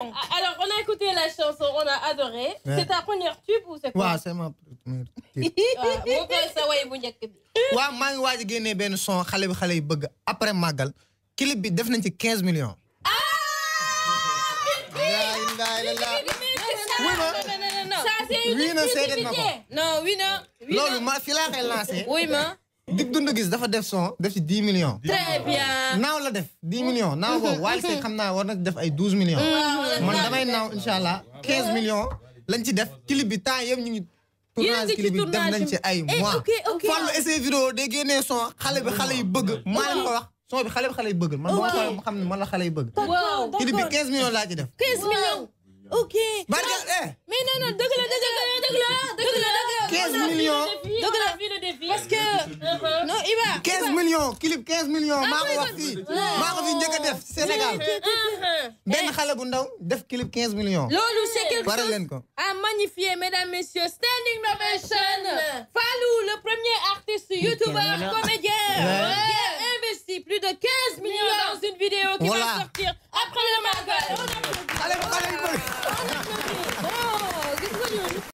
Ah, alors, on a écouté la chanson, on a adoré. C'est ta première tube ou c'est quoi Ouais, c'est ma première tube. Ah, ouais Moi je son après ma 15 millions. ah. oui non! ça c'est une non oui non! ma oui dig dund gis dafa def son def ci dix millions. très bien naaw la def dix millions naaw boobu naa war na def ay douze millions. man damay naaw incha allah quinze millions lañ ci def clip bi temps yëpp ñu ngi. tournage clip bi def nañ ci ay eh, mois. Fallou essayé vidéo day génnee son xale bi xale yi bëgg oh. maa leen ko wax. son bi xale bi xale yi bëgg man boo xoolee mu xam xale yi bëgg. clip bi quinze millions laa ci def. quinze millions ok. barke eh. 15 millions. de euh, la parce que. Uh-huh. non va? 15 millions clip 15 millions. Ah, def Sénégal. Ben def clip 15 millions. c'est quelque chose à magnifier mesdames messieurs standing ovation. Falou, le premier artiste youtubeur comédien. qui a investi plus de 15 millions dans une vidéo qui